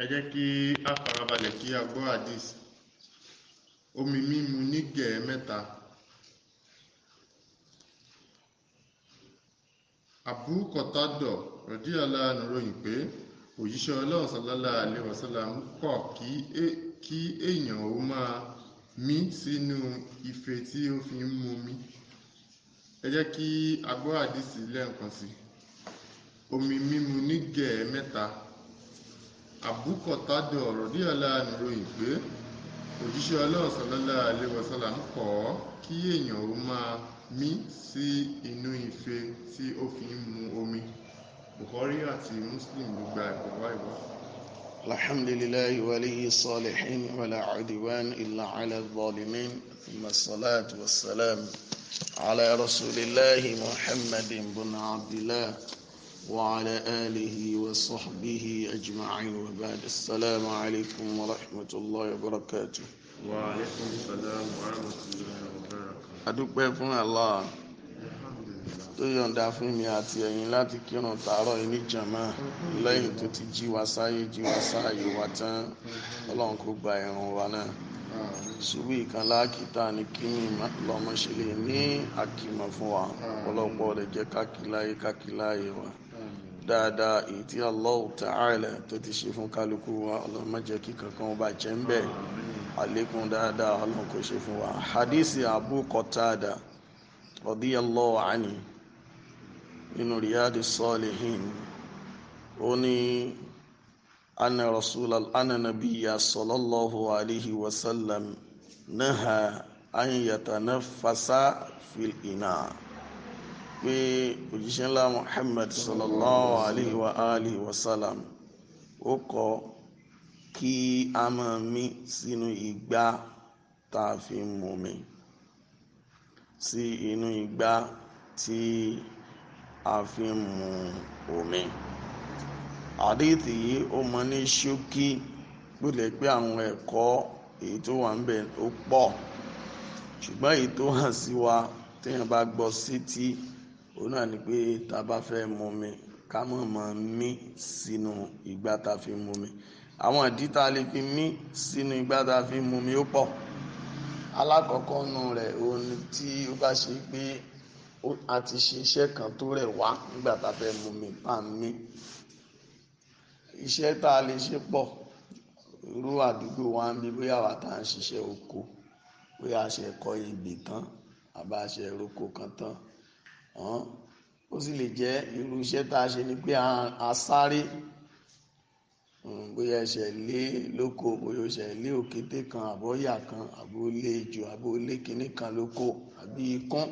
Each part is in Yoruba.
ẹ jẹ́ kí a farabalẹ̀ kí a gbọ́ hadith omi mímu nígẹ̀ẹ́ mẹ́ta Abu Kọtadọ rọdíọlá nìròyìn pé òjíṣẹ́ Ọlọ́run sọlọlá àlewọsọlá ń kọ̀ kí èèyàn ó máa mí sínú ife tí ó fi ń mumi ẹ jẹ́ kí a gbọ́ hadith lẹ́ẹ̀kan sí omi mímu nígẹ̀ẹ́ mẹ́ta àbúkọ̀tádé ọ̀rọ̀ díẹ̀ láàánú ròyìn pé òjíṣẹ́ ọlọ́run sọlọ́lá àléwọ̀sọ́là ń kọ́ kí èèyàn ó máa mí sí inú ife tí ó fi ń mu omi bukhari àti muslim ló gba ìgbàwá ìwá. alhamdulilayi waliyi salihin wala على illa ala zalimin thumma salatu wassalam ala rasulillahi muhammadin bin abdillah. وعلى آله وصحبه أجمعين وبعد السلام عليكم ورحمة الله وبركاته وعليكم السلام ورحمة الله وبركاته أدوك فún Allah tó yọ̀ǹda fún mi àti ẹ̀yin láti kírun tààrọ̀ yìí ní jàmá lẹ́yìn tó ti jí wa sáyé jí wa sáyé wa tán ọlọ́run kò gba ẹ̀rùn wa náà ṣubú ìkan láàkìtà ni kí ni lọ́mọ ṣe lè ní àkìmọ̀ fún wa ọ̀pọ̀lọpọ̀ rẹ̀ jẹ́ kákìláyé kákìláyé wa dáadáa èyí tí Allah ta'ala tó ti ṣe fún kálukú wa Allah má jẹ́ kí kankan ó bàjẹ́ ń bẹ̀ àlékún dáadáa Allah kó ṣe fún wa hadisi Abu Qatada radiyallahu anhu nínú Riyadus Salihin ó ní anna rasul anna nabiyya sallallahu alayhi wa sallam naha an yatanafasa fil ina pé òjíṣẹ́ ńlá Muhammad sallallahu alayhi wa alihi wa salam ó kọ kí a máa mí sínú igbá tá a fi ń mumi sí inú igbá tí a fi ń mu omi àdéhìtì yìí ó mọ ní ṣókí gbọ́dọ̀ pé àwọn ẹ̀kọ́ èyí tó wà ń bẹ̀ ó pọ̀ ṣùgbọ́n èyí tó hàn sí wa téèyàn bá gbọ́ sétí òun náà ni pé tá a bá fẹ́ mu mi ká mọ̀ mọ̀ mí sínú ìgbà tá a fi mu mi àwọn ìdí tá a lè fi mí sínú ìgbà tá a fi mu mi ó pọ̀ alákọ̀ọ́kọ́ nu rẹ̀ òun tí ó bá ṣe pé a ti ṣe iṣẹ́ kan tó rẹ̀ wá nígbà tá a fẹ́ mu mi bá mi iṣẹ́ tá a lè ṣe pọ̀ irú àdúgbò wa ń bí bóyá wa tá à ń ṣiṣẹ́ oko bóyá a ṣe kọ ebè tán àbá a ṣe roko kan tán ó sì lè jẹ́ irú iṣẹ́ tá a ṣe ni pé a sáré hmm, bóyá ẹsẹ̀ lé lóko bóyá ẹsẹ̀ lé òkété kan àbọ́yà kan àbólé ejò àbólé kinní kan lóko àbí ikún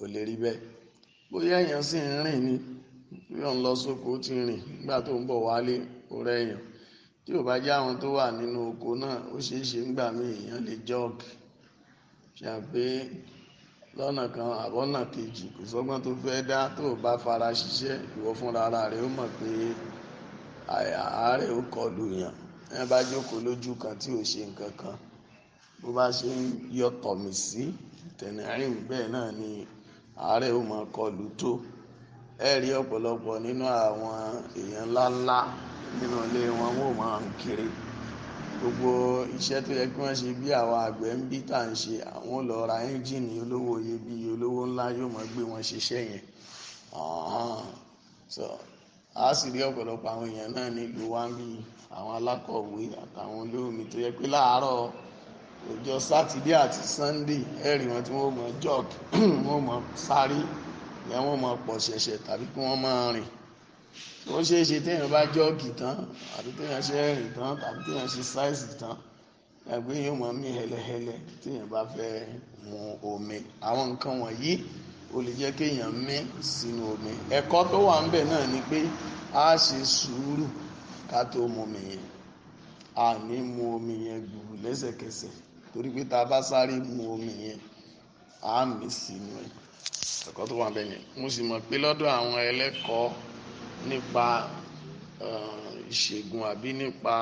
ò lè rí bẹ́ẹ̀ bóyá èèyàn sì ń rìn ni bí òun lọ sóko ó ti rìn nígbà tó ń bọ̀ wálé ó èèyàn tí ò bá jẹ́ àwọn tó wà nínú oko náà ó ṣeé ṣe nígbà míì èèyàn lè jọ́ọ̀gì ṣàpé lọ́nà kan àbọ́nà kejì kò sọ́gbọ́n tó fẹ́ dá tó bá fara ṣiṣẹ́ ìwọ fúnra ara rẹ̀ ó mọ̀ pé àárẹ̀ ó kọlù yàn ẹ bá jókòó lójú kan tí ò ṣe nǹkan kan bó bá ṣe ń yọ tọ̀mì sí tẹ̀nẹ̀rín bẹ́ẹ̀ náà ni àárẹ̀ ó mọ̀ kọlù tó ẹ rí ọ̀pọ̀lọpọ̀ nínú àwọn èèyàn ńláńlá nínú ilé wọn wọ́n máa ń kiri gbogbo iṣẹ́ tó yẹ kí wọ́n ṣe bí àwọn àgbẹ̀ ń bí tà ń ṣe àwọn lọ ra ẹ́ńjìnì olówó iyebíye olówó ńlá yóò máa gbé wọn ṣiṣẹ́ yẹn so a sì rí ọ̀pọ̀lọpọ̀ àwọn èèyàn náà nílùú wa bí àwọn alákọ̀wé àtàwọn olómi tó yẹ pé láàárọ̀ ọjọ́ sátidé àti sannde ẹ̀rì wọn tí wọ́n mọ̀ jọ́ọ̀kì wọ́n mọ̀ sáré ìyẹn wọ́n mọ̀ pọ̀ ṣẹ̀ṣẹ̀ tàbí kí wọ́n máa rìn ó ṣeé ṣe téèyàn bá jọ́ọ̀gì tán àbí téèyàn ṣe ẹ̀rìn tán tàbí téèyàn ṣe sáìsì tán ẹgbẹ yóò máa mí hẹlẹhẹlẹ téèyàn bá fẹ́ mu omi àwọn nǹkan wọ̀nyí ó lè jẹ́ kéèyàn mí sínú omi ẹ̀kọ́ tó wà ń bẹ náà ni pé a ṣe sùúrù ká tó mu omi yẹn a ní mu omi yẹn gbùrù lẹ́sẹ̀kẹsẹ̀ torí pé tá a bá sáré mu omi yẹn a mí sínú ẹ̀ ẹ̀kọ́ tó wà ń bẹ yẹn mo sì mọ̀ pé lọ́dọ̀ àwọn ẹlẹ́kọ̀ọ́ nípa ìṣègùn àbí nípa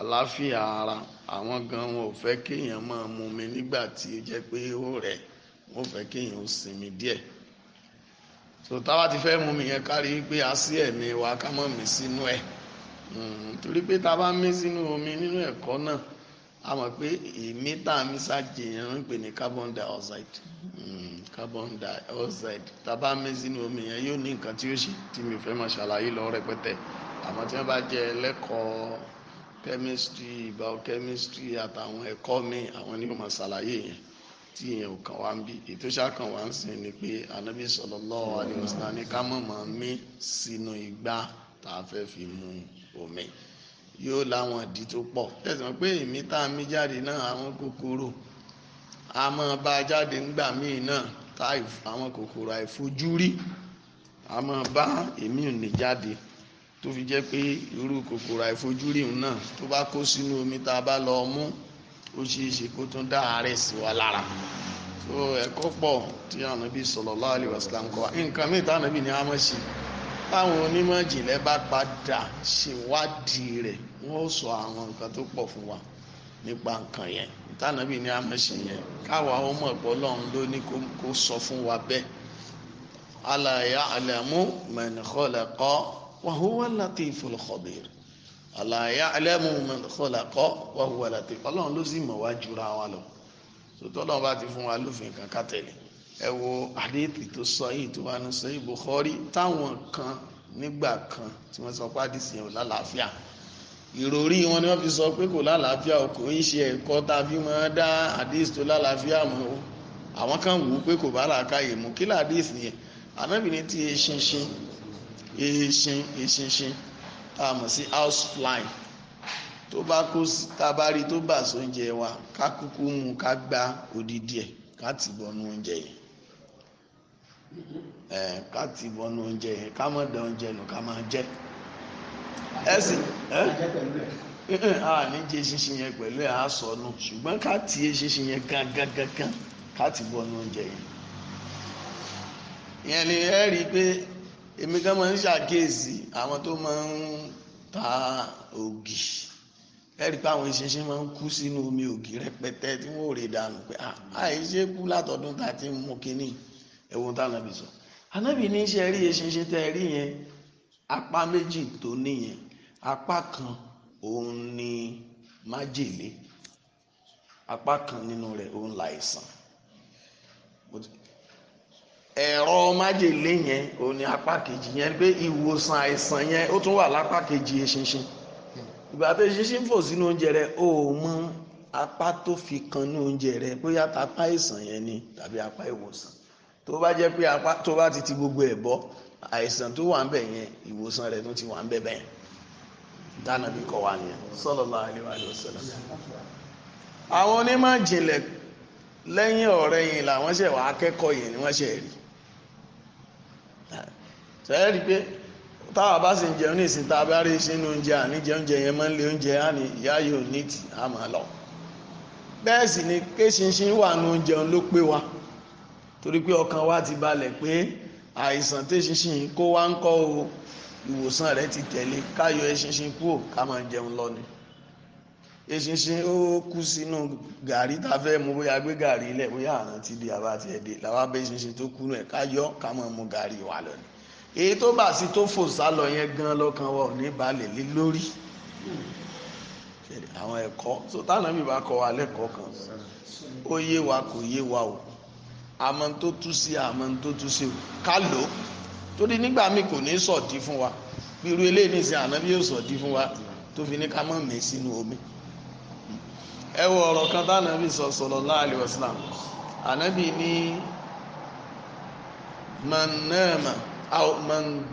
àlàáfíà ara àwọn gan wọn ò fẹ́ kéèyàn máa mu mi nígbà tí ó jẹ́ pé ó rẹ̀ wọ́n fẹ́ kéèyàn ó sinmi díẹ̀ so táwa ti fẹ́ mu mi yẹn kárí pé a sí ẹ̀mí wa ká mọ̀ mí sínú ẹ̀ hmm, torí pé tá a bá mí sínú omi nínú ẹ̀kọ́ náà a mọ̀ pé èmi tá a mí sájèèyàn ń pè ní carbon dioxide. Mm carbon dioxide taba mẹ́sìn omi yẹn yóò ní nǹkan tí ó ṣe tí mi fẹ́ máa ṣàlàyé lọ rẹpẹtẹ àmọ́ tí wọ́n bá jẹ lẹ́kọ̀ọ́ chemistry biochemistry àtàwọn ẹ̀kọ́ míì àwọn ni wọ́n máa ṣàlàyé yẹn tí yẹn ò kàn wá ń bí ètò ṣàkàn wá ń sìn ni pé anabi sallallahu alaihi wasallam ní ká mọ̀ máa mí sínú igbá tá a fẹ́ fi mu omi yóò láwọn ìdí tó pọ̀ tẹ̀sán pé èmi tá a mí jáde náà àwọn kòkòrò a máa bá a jáde ńgbà míì náà àwọn kòkòrò àìfojúrí a máa bá èmi ò ní jáde tó fi jẹ́ pé irú kòkòrò àìfojúrí náà tó bá kó sínú omi tá a bá lọ mú ó ṣeé ṣe kó tún dá àárẹ̀ sí wa lára so ẹ̀kọ́ pọ̀ tí ànábì sallallahu alaihi wasallam ń kọ́ nǹkan míì tí ànábì ní a máa ṣe táwọn onímọ̀ ìjìnlẹ̀ bá padà ṣèwádìí rẹ̀ wọ́n sọ àwọn nǹkan tó pọ̀ fún wa nípa nǹkan yẹn tànàbí ni a mọ̀ ṣe yẹn káwa ó mọ̀ pọ̀ lọ́run ló ní kó sọ fún wa bẹ́ẹ̀ ala ya'lamu man khalaqa wa huwa latiful khabir ala ya'lamu man khalaqa wa huwa latif ọlọ́run ló sì mọ̀ wá jura wa lọ sọtọ́ ọlọ́run bá ti fún wa lófin kan ká tẹ̀lé ẹ wo àdéhìtì tó sọ yìí tó wà ní sọ Bukhari táwọn kan nígbà kan tí wọ́n sọ pé àdìsí yẹn ò lálàáfíà ìròrí wọn ni wọ́n fi sọ pé kò lálàáfíà o kò ń ṣe ẹ̀kọ́ tá a fi máa dá hadith tó lálàáfíà mọ́ o àwọn kan wù ú pé kò bá làákàyè mú kí hadith yẹn anábìnrin ti eṣinṣin eṣin eṣinṣin tá a mọ̀ sí house fly tó bá kó tabari tó bà sóúnjẹ wa ká kúkú mu ká gba odidi ẹ̀ ká ti bọnú oúnjẹ yẹn ẹ̀ ká ti bọnú oúnjẹ yẹn ká má da oúnjẹ nù ká má jẹ ẹsì ẹ a ní jẹ ṣinṣin yẹn pẹ̀lú ẹ̀ á sọ nù ṣùgbọ́n ká tiẹ̀ ṣinṣin yẹn gangan gangan ká ti bọ́ nù oúnjẹ yẹn ìyẹn ni ẹ rí i pé èmi kan máa ń ṣàkíyèsí àwọn tó máa ń ta ògì ẹ rí i pé àwọn ìṣinṣin máa ń kú sínú omi ògì rẹpẹtẹ tí wọn ò rè dànù pé àìṣe ah, kú látọdún tá a ti mú kínní ẹwọn tá a nàbì sọ anábì ní í ṣe rí ìṣinṣin tẹ ẹ rí yẹn apá méjì tó nìyẹn apá kan òun ni májèlé apá kan nínú rẹ̀ òun làìsàn ẹ̀rọ májèlé yẹn òun ni apá kejì yẹn pé ìwòsàn àìsàn yẹn ó tún wà lápá kejì eṣinṣin ìgbà tó eṣinṣin fò sínú oúnjẹ rẹ̀ ó mú apá tó fi kan ní oúnjẹ rẹ̀ bóyá apá àìsàn yẹn ni tàbí apá ìwòsàn tó bá jẹ́ pé apá tó bá ti ti gbogbo ẹ̀ bọ́ àìsàn tó wà ń bẹ̀ yẹn ìwòsàn rẹ̀ tó ti wà ń bẹ̀ bẹ́ẹ̀ dáná bí kọ́ wa nìyẹn sallallahu alaihi wasallam. àwọn onímọ̀ jìnlẹ̀ lẹ́yìn ọ̀rẹ́ yìí làwọn ṣe wà akẹ́kọ̀ọ́ yìí ni wọ́n ṣe rí tẹ́lẹ̀ rí pé táwa bá sì ń jẹun ní ìsìn tá a bá rí sínú oúnjẹ àní jẹ oúnjẹ yẹn máa ń lé oúnjẹ á ìyá yóò ní tì á máa lọ bẹ́ẹ̀ sì ni kéṣinṣin wà nù oúnjẹun ló pé wa torí pé ọkàn wa ti balẹ̀ pé àìsàn tí eṣinṣin kó wá ń kọ́ o ìwòsàn rẹ̀ ti tẹ̀lé káyọ eṣinṣin kúrò ká máa jẹun lọ ni eṣinṣin ó kú sínú gàrí tá a fẹ́ mu bóyá gbé gàrí lẹ̀ bóyá àrùn ti di àbá tiẹ̀ dé làwọn abẹ́ eṣinṣin tó kú rẹ̀ káyọ ká máa mu gàrí wà lọ ni èyí tó bá sí tó fò sálọ yẹn gan lọ́kàn wa ò ní balẹ̀ lé lórí àwọn ẹ̀kọ́ sọ táwọn mi bá kọ́ wa lẹ́kọ̀ọ́ kan ó yé wa kò yé wa o àmọ́ tó tú sí àmọ́ tó tú sí o ká lò ó torí nígbà míì kò ní sọ̀dí fún wa irú eléyìí nìsín ànábì yóò sọ̀dí fún wa tó fi ní ká mọ̀ mí sínú omi ẹ wo ọ̀rọ̀ kan tá ànábì sọ sallallahu alaihi wasallam ànábì ní manama aw man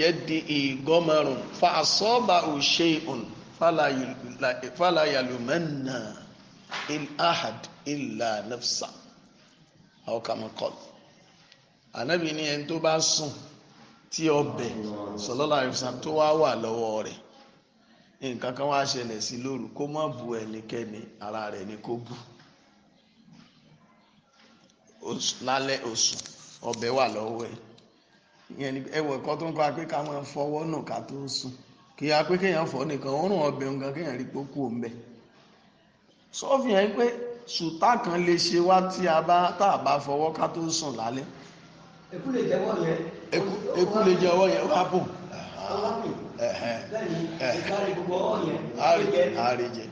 yẹ́dì ìgọ́mọ̀rún fa òṣèlú fàlàyàlùmẹ́nà. in ahad illa nafsa aw kama qala anabi ni ẹni tó bá sùn tí ọbẹ̀ sallallahu alaihi wasallam tó wá wà lọ́wọ́ rẹ̀ kan wá bu ara rẹ̀ ni kó bu lálẹ́ òsùn ọbẹ̀ wà lọ́wọ́ ẹ̀ ìyẹn ni ẹ̀kọ́ tó ń kọ́ fọwọ́ nù ká tó sùn kí kéèyàn fọ́ nìkan ọbẹ̀ nǹkan kéèyàn sọ́fìn yẹn pé sùtá kan lè ṣe wá tí a bá tá a bá fọwọ́ ká tó sùn lálẹ́. èkú lè jẹ́wọ́ yẹn. èkú lè jẹ́wọ́ yẹn wá bùn. àríjẹ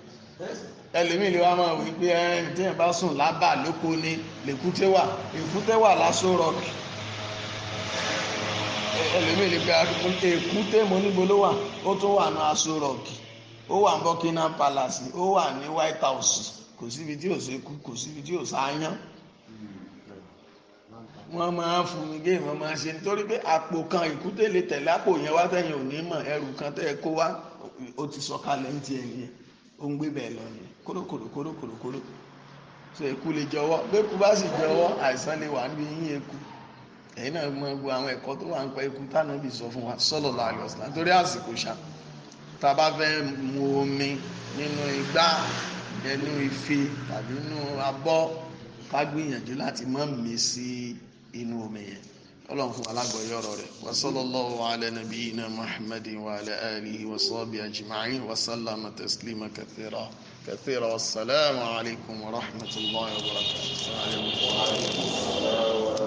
ẹlòmíì lè wá máa wí pé ẹni tí yẹn bá sùn lábà lóko ni lèkúté wà èkúté wà lásán rọkì ẹlòmíì lè pe èkúté mo níbo ló wà ó tún wà ní aṣọ rọkì. ó wà ní Buckingham palasi ó wà ní White House kò síbi tí ò ṣekú kò síbi tí ò sáyán wọ́n máa fumigé wọ́n máa ṣe nítorí pé kan ìkúté lè tẹ̀lé àpò yẹn wá tẹ̀yìn ò ní mọ̀ ẹrù kan tẹ́ kó wá ó ti sọ̀kalẹ̀ ní tiẹ̀ yẹn ó ń gbé bẹ́ẹ̀ lọ so eku lè bá sì àìsàn lè wà eku ẹ̀yin náà mọ gbogbo àwọn ẹ̀kọ́ tó wà eku tánà bí sọ fún wa tá a bá fẹ́ mu omi nínú igbá nínú ife tàbí nínú abọ́ ká gbìyànjú láti má mi sí inú omi yẹn ọlọ́run fún alágbọ̀yé ọ̀rọ̀ rẹ̀ wa sallallahu ala nabiyyina muhammadin wa ala alihi wa sahbihi ajma'in wa sallama taslima kathira kathira wa rahmatullahi wa barakatuh.